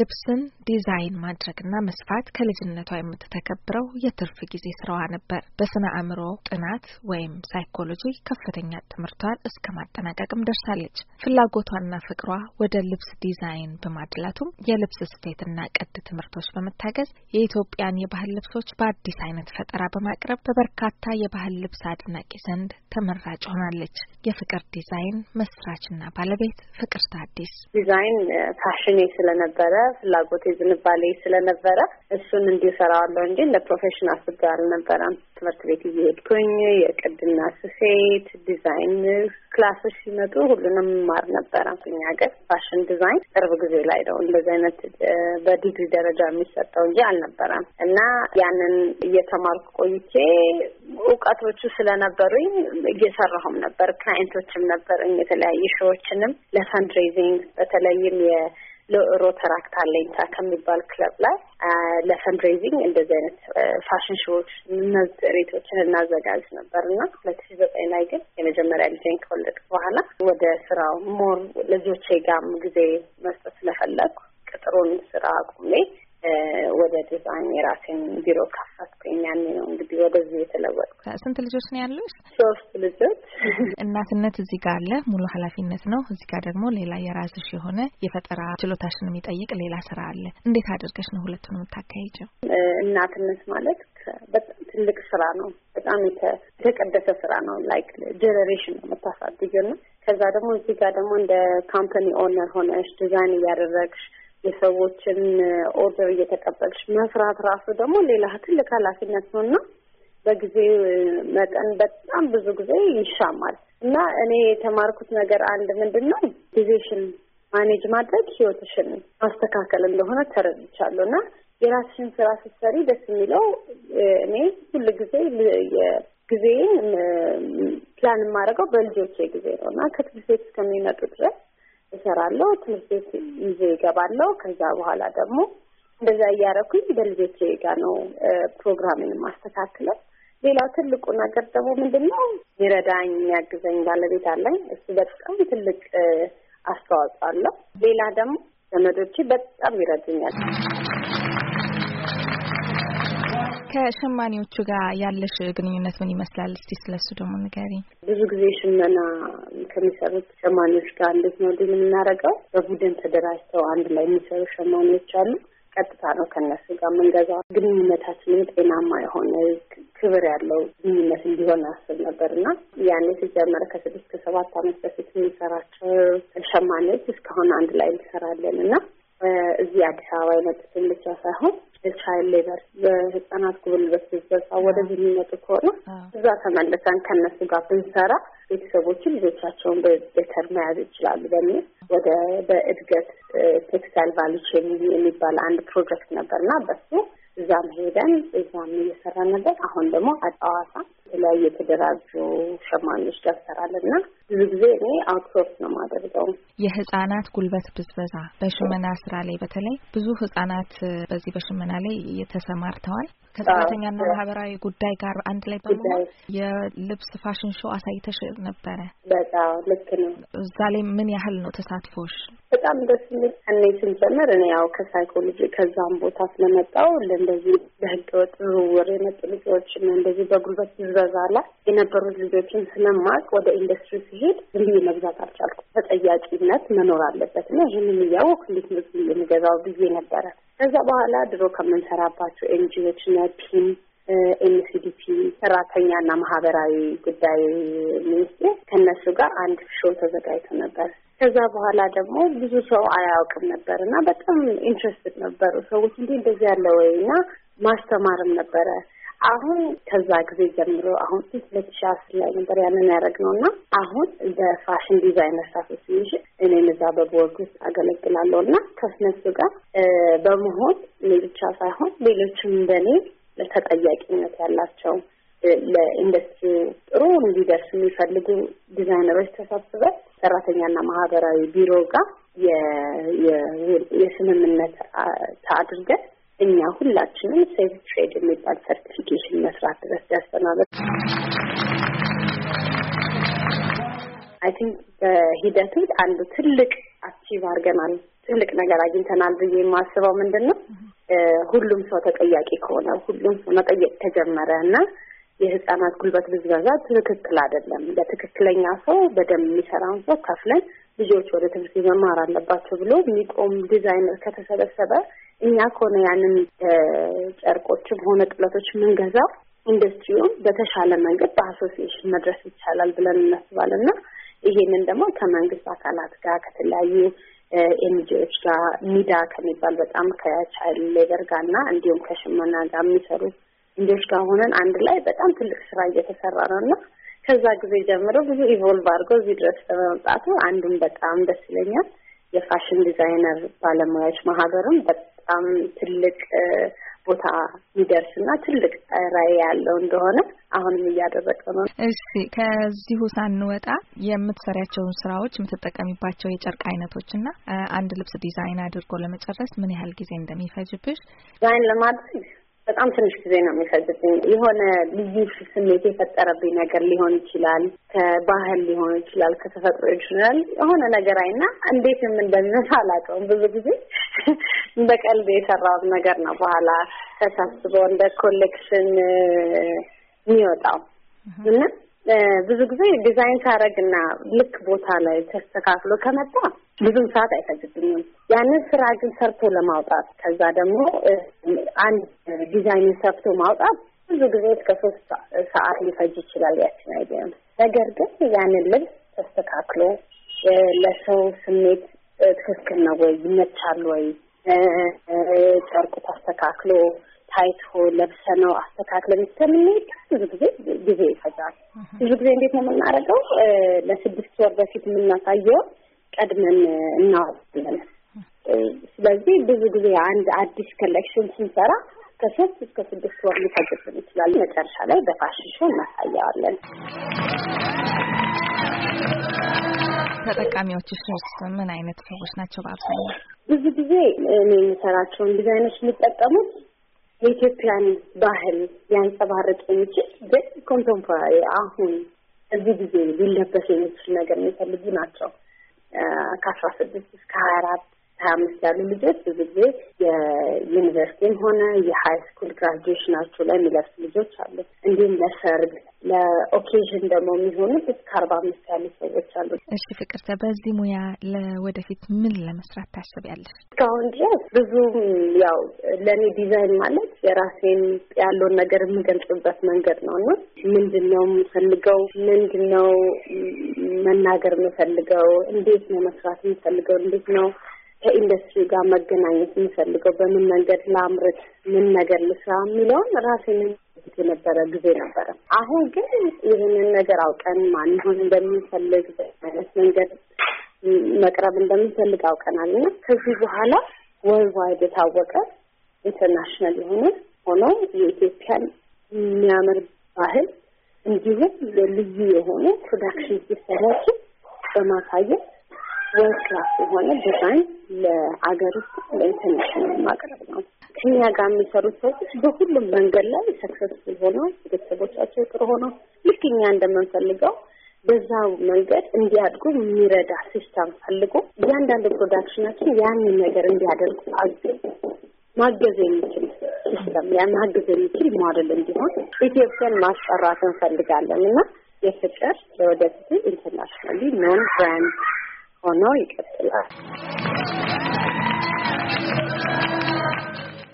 ልብስን ዲዛይን ማድረግና መስፋት ከልጅነቷ የምትተከብረው የትርፍ ጊዜ ስራዋ ነበር። በስነ አእምሮ ጥናት ወይም ሳይኮሎጂ ከፍተኛ ትምህርቷን እስከ ማጠናቀቅም ደርሳለች። ፍላጎቷና ፍቅሯ ወደ ልብስ ዲዛይን በማድላቱም የልብስ ስፌትና ቀድ ትምህርቶች በመታገዝ የኢትዮጵያን የባህል ልብሶች በአዲስ አይነት ፈጠራ በማቅረብ በበርካታ የባህል ልብስ አድናቂ ዘንድ ተመራጭ ሆናለች። የፍቅር ዲዛይን መስራችና ባለቤት ፍቅርተ አዲስ ዲዛይን ፋሽኔ ስለነበረ ፍላጎቴ ዝንባሌ ስለነበረ እሱን እንዲሰራዋለሁ እንጂ እንደ ፕሮፌሽን አስቤ አልነበረም። ትምህርት ቤት እየሄድኩኝ የቅድና ስፌት ዲዛይን ክላሶች ሲመጡ ሁሉንም ማር ነበረ። እኛ ሀገር ፋሽን ዲዛይን ቅርብ ጊዜ ላይ ነው እንደዚህ አይነት በዲግሪ ደረጃ የሚሰጠው እንጂ አልነበረም። እና ያንን እየተማርኩ ቆይቼ እውቀቶቹ ስለነበሩኝ እየሰራሁም ነበር። ክላይንቶችም ነበሩኝ የተለያዩ ሾዎችንም ለፈንድሬዚንግ በተለይም የ ሮተራክት አለኝታ ከሚባል ክለብ ላይ ለፈንድሬዚንግ እንደዚህ አይነት ፋሽን ሾዎች ሬቶችን እናዘጋጅ ነበር እና ሁለት ሺ ዘጠኝ ላይ ግን የመጀመሪያ ልጄን ከወለድኩ በኋላ ወደ ስራው ሞር ልጆቼ ጋርም ጊዜ መስጠት ስለፈለግኩ ቅጥሩን ስራ አቁሜ ወደ ዲዛይን የራሴን ቢሮ ካፋትኩኝ ያኔ ነው እንግዲህ ወደዚህ የተለወጥኩት። ስንት ልጆች ነው ያሉት? ሶስት ልጆች። እናትነት እዚህ ጋር አለ፣ ሙሉ ኃላፊነት ነው። እዚህ ጋር ደግሞ ሌላ የራስሽ የሆነ የፈጠራ ችሎታሽን የሚጠይቅ ሌላ ስራ አለ። እንዴት አድርገሽ ነው ሁለቱን የምታካሂጀው? እናትነት ማለት በጣም ትልቅ ስራ ነው። በጣም የተቀደሰ ስራ ነው። ላይክ ጀኔሬሽን ነው የምታሳድጊው ነው። ከዛ ደግሞ እዚህ ጋር ደግሞ እንደ ካምፓኒ ኦነር ሆነሽ ዲዛይን እያደረግሽ የሰዎችን ኦርደር እየተቀበልሽ መስራት ራሱ ደግሞ ሌላ ትልቅ ኃላፊነት ነው እና በጊዜ መጠን በጣም ብዙ ጊዜ ይሻማል እና እኔ የተማርኩት ነገር አንድ ምንድን ነው ጊዜሽን ማኔጅ ማድረግ ህይወትሽን ማስተካከል እንደሆነ ተረድቻለሁ እና የራስሽን ስራ ስትሰሪ ደስ የሚለው እኔ ሁል ጊዜ ጊዜን ፕላን የማደርገው በልጆቼ ጊዜ ነው እና ከትምህርት ቤት እስከሚመጡ ድረስ እሰራለሁ። ትምህርት ቤት ይዤ ይገባለሁ። ከዛ በኋላ ደግሞ እንደዛ እያደረኩኝ በልጆቼ ጋ ነው ፕሮግራምን ማስተካክለው። ሌላው ትልቁ ነገር ደግሞ ምንድን ነው ሊረዳኝ የሚያግዘኝ ባለቤት አለኝ። እሱ በጣም ትልቅ አስተዋጽኦ አለው። ሌላ ደግሞ ዘመዶቼ በጣም ይረዱኛል። ከሸማኔዎቹ ጋር ያለሽ ግንኙነት ምን ይመስላል? እስቲ ስለሱ ደግሞ ንገሪ። ብዙ ጊዜ ሽመና ከሚሰሩት ሸማኔዎች ጋር እንዴት ነው ድል የምናደርገው? በቡድን ተደራጅተው አንድ ላይ የሚሰሩ ሸማኔዎች አሉ። ቀጥታ ነው ከነሱ ጋር የምንገዛው። ግንኙነታችንን ጤናማ የሆነ ክብር ያለው ግንኙነት እንዲሆን አስብ ነበር እና ያኔ ሲጀመረ ከስድስት ከሰባት ዓመት በፊት የሚሰራቸው ሸማኔዎች እስካሁን አንድ ላይ እንሰራለን እና እዚህ አዲስ አበባ የመጡትን ብቻ ሳይሆን የቻይል ሌበር በህጻናት ጉብልበት ብዝበዛ ወደዚህ የሚመጡ ከሆነ እዛ ተመልሰን ከነሱ ጋር ብንሰራ ቤተሰቦችን ልጆቻቸውን በቤተር መያዝ ይችላሉ በሚል ወደ በእድገት ቴክስታይል ቫሊ የሚባል አንድ ፕሮጀክት ነበርና በሱ እዛም ሄደን እዛም እየሰራ ነበር። አሁን ደግሞ አጣዋሳ የተለያዩ የተደራጁ ሸማኞች ጋር ሰራልና ብዙ ጊዜ እኔ አውትሶርስ ነው የማደርገው የህጻናት ጉልበት ብዝበዛ በሽመና ስራ ላይ በተለይ ብዙ ህጻናት በዚህ በሽመና ላይ ተሰማርተዋል። ከሰራተኛና ማህበራዊ ጉዳይ ጋር አንድ ላይ በመሆን የልብስ ፋሽን ሾው አሳይተሽ ነበረ። በጣም ልክ ነው። እዛ ላይ ምን ያህል ነው ተሳትፎሽ? በጣም ደስ የሚል እኔ ስንጀምር እኔ ያው ከሳይኮሎጂ ከዛም ቦታ ስለመጣው እንደዚህ ወጥ ዝውውር የመጡ ልጆች እንደዚህ በጉልበት ብዝበዛ ላይ የነበሩት ልጆችን ስለማቅ ወደ ኢንዱስትሪ ሲሄድ አብዝኝ መግዛት አልቻልኩም። ተጠያቂነት መኖር አለበት እና ይህንን እያወቅ እንዴት ምግብ የምገዛው ብዬ ነበረ። ከዛ በኋላ ድሮ ከምንሰራባቸው ኤንጂዎች እና ፒም ኤንሲዲፒ ሰራተኛና ማህበራዊ ጉዳይ ሚኒስቴር ከእነሱ ጋር አንድ ሾ ተዘጋጅቶ ነበር። ከዛ በኋላ ደግሞ ብዙ ሰው አያውቅም ነበር እና በጣም ኢንትረስትድ ነበሩ ሰዎች እንዴ እንደዚህ ያለ ወይ እና ማስተማርም ነበረ አሁን ከዛ ጊዜ ጀምሮ አሁን ሁለት ሺ አስር ላይ ነበር ያንን ያደረግነው እና አሁን በፋሽን ዲዛይነርስ አሶሲዬሽን እኔም እዛ በቦርድ ውስጥ አገለግላለሁ እና ከስነሱ ጋር በመሆን እኔ ብቻ ሳይሆን ሌሎችም በእኔ ተጠያቂነት ያላቸው ለኢንዱስትሪ ጥሩ እንዲደርስ የሚፈልጉ ዲዛይነሮች ተሰብስበን ሰራተኛና ማህበራዊ ቢሮ ጋር የስምምነት ተአድርገን እኛ ሁላችንም ሴፍ ትሬድ የሚባል ሰርቲፊኬሽን መስራት ድረስ ያስተናበት አይ ቲንክ በሂደቱ አንዱ ትልቅ አቺቭ አድርገናል፣ ትልቅ ነገር አግኝተናል ብዬ የማስበው ምንድን ነው ሁሉም ሰው ተጠያቂ ከሆነ ሁሉም ሰው መጠየቅ ከጀመረ እና የህፃናት ጉልበት ብዝበዛ ትክክል አይደለም፣ ለትክክለኛ ሰው በደንብ የሚሰራውን ሰው ከፍለን ልጆች ወደ ትምህርት መማር አለባቸው ብሎ የሚቆም ዲዛይነር ከተሰበሰበ እኛ ከሆነ ያንን ጨርቆችም ሆነ ጥለቶች የምንገዛው ኢንዱስትሪውን በተሻለ መንገድ በአሶሲዬሽን መድረስ ይቻላል ብለን እናስባለን እና ይሄንን ደግሞ ከመንግስት አካላት ጋር ከተለያዩ ኤንጂዎች ጋር ሚዳ ከሚባል በጣም ከቻይልድ ሌበር ጋር እና እንዲሁም ከሽመና ጋር የሚሰሩ እንጆች ጋር ሆነን አንድ ላይ በጣም ትልቅ ስራ እየተሰራ ነው እና ከዛ ጊዜ ጀምሮ ብዙ ኢቮልቭ አድርጎ እዚህ ድረስ በመምጣቱ አንዱም በጣም ደስ ይለኛል። የፋሽን ዲዛይነር ባለሙያዎች ማህበርም በጣም ትልቅ ቦታ የሚደርስ እና ትልቅ ራዕይ ያለው እንደሆነ አሁንም እያደረገ ነው። እሺ፣ ከዚሁ ሳንወጣ የምትሰሪያቸውን ስራዎች የምትጠቀሚባቸው የጨርቅ አይነቶች እና አንድ ልብስ ዲዛይን አድርጎ ለመጨረስ ምን ያህል ጊዜ እንደሚፈጅብሽ? ዲዛይን ለማድረግ በጣም ትንሽ ጊዜ ነው የሚፈጅብኝ። የሆነ ልዩ ስሜት የፈጠረብኝ ነገር ሊሆን ይችላል፣ ከባህል ሊሆን ይችላል፣ ከተፈጥሮ ይችላል። የሆነ ነገር አይና እንዴትም እንደሚመስ አላውቀውም ብዙ ጊዜ በቀልድ የሰራው ነገር ነው። በኋላ ተሳስቦ እንደ ኮሌክሽን የሚወጣው እና ብዙ ጊዜ ዲዛይን ሳረግና ልክ ቦታ ላይ ተስተካክሎ ከመጣ ብዙም ሰዓት አይፈጅብኝም። ያንን ስራ ግን ሰርቶ ለማውጣት ከዛ ደግሞ አንድ ዲዛይንን ሰርቶ ማውጣት ብዙ ጊዜ እስከ ሶስት ሰዓት ሊፈጅ ይችላል። ያችን አይዲያ ነገር ግን ያንን ልብስ ተስተካክሎ ለሰው ስሜት ትክክል ነው ወይ ይመቻል ወይ ጨርቁ ተስተካክሎ ታይቶ ለብሰ ነው አስተካክለን እስከምንሄድ ብዙ ጊዜ ጊዜ ይፈጃል። ብዙ ጊዜ እንዴት ነው የምናደርገው? ለስድስት ወር በፊት የምናሳየውን ቀድመን እናዋለን። ስለዚህ ብዙ ጊዜ አንድ አዲስ ኮሌክሽን ስንሰራ ከሶስት እስከ ስድስት ወር ሊፈጅብን ይችላል። መጨረሻ ላይ በፋሽን ሾው እናሳየዋለን። ተጠቃሚዎች ተጠቃሚዎችስ ምን አይነት ሰዎች ናቸው? በአብዛኛው ብዙ ጊዜ እኔ የምሰራቸውን ዲዛይኖች የሚጠቀሙት የኢትዮጵያን ባህል ሊያንጸባርቅ የሚችል ግን ኮንቴምፖራሪ አሁን እዚህ ጊዜ ሊለበስ የሚችል ነገር የሚፈልጉ ናቸው። ከአስራ ስድስት እስከ ሀያ አራት ሀያ አምስት ያሉ ልጆች ብዙ ጊዜ የዩኒቨርሲቲም ሆነ የሀይ ስኩል ግራጁዌሽናቸው ላይ የሚለብሱ ልጆች አሉ። እንዲሁም ለሰርግ ለኦኬዥን ደግሞ የሚሆኑት እስከ አርባ አምስት ያሉ ሰዎች አሉ። እሺ ፍቅርተ፣ በዚህ ሙያ ለወደፊት ምን ለመስራት ታስቢያለሽ? እስካሁን ድረስ ብዙም ያው ለእኔ ዲዛይን ማለት የራሴን ያለውን ነገር የምገልጽበት መንገድ ነው እና ምንድን ነው የምፈልገው፣ ምንድን ነው መናገር የምፈልገው፣ እንዴት ነው መስራት የምፈልገው፣ እንዴት ነው ከኢንዱስትሪ ጋር መገናኘት የምፈልገው በምን መንገድ ላምርት፣ ምን ነገር ልስራ የሚለውን ራሴን የነበረ ጊዜ ነበረ። አሁን ግን ይህንን ነገር አውቀን ማን ሆን እንደምንፈልግ በአይነት መንገድ መቅረብ እንደምንፈልግ አውቀናል እና ከዚህ በኋላ ወርልድዋይድ የታወቀ ኢንተርናሽናል የሆነ ሆኖ የኢትዮጵያን የሚያምር ባህል እንዲሁም ልዩ የሆኑ ፕሮዳክሽን ሲሰራችን በማሳየት ወርልድ የሆነ ዲዛይን ለአገር ውስጥ ለኢንተርናሽናል ማቅረብ ነው። ከኛ ጋር የሚሰሩት ሰዎች በሁሉም መንገድ ላይ ሰክሰስፉል ሆነው ቤተሰቦቻቸው ጥሩ ሆነው ልክ እኛ እንደምንፈልገው በዛው መንገድ እንዲያድጉ የሚረዳ ሲስተም ፈልጎ እያንዳንዱ ፕሮዳክሽናችን ያንን ነገር እንዲያደርጉ አዝ ማገዝ የሚችል ሲስተም ያ ማገዝ የሚችል ማደል እንዲሆን ኢትዮጵያን ማስጠራት እንፈልጋለን እና የፍቅር ለወደፊቱ ኢንተርናሽናሊ ኖን ብራንድ ሆኖ ይቀጥላል።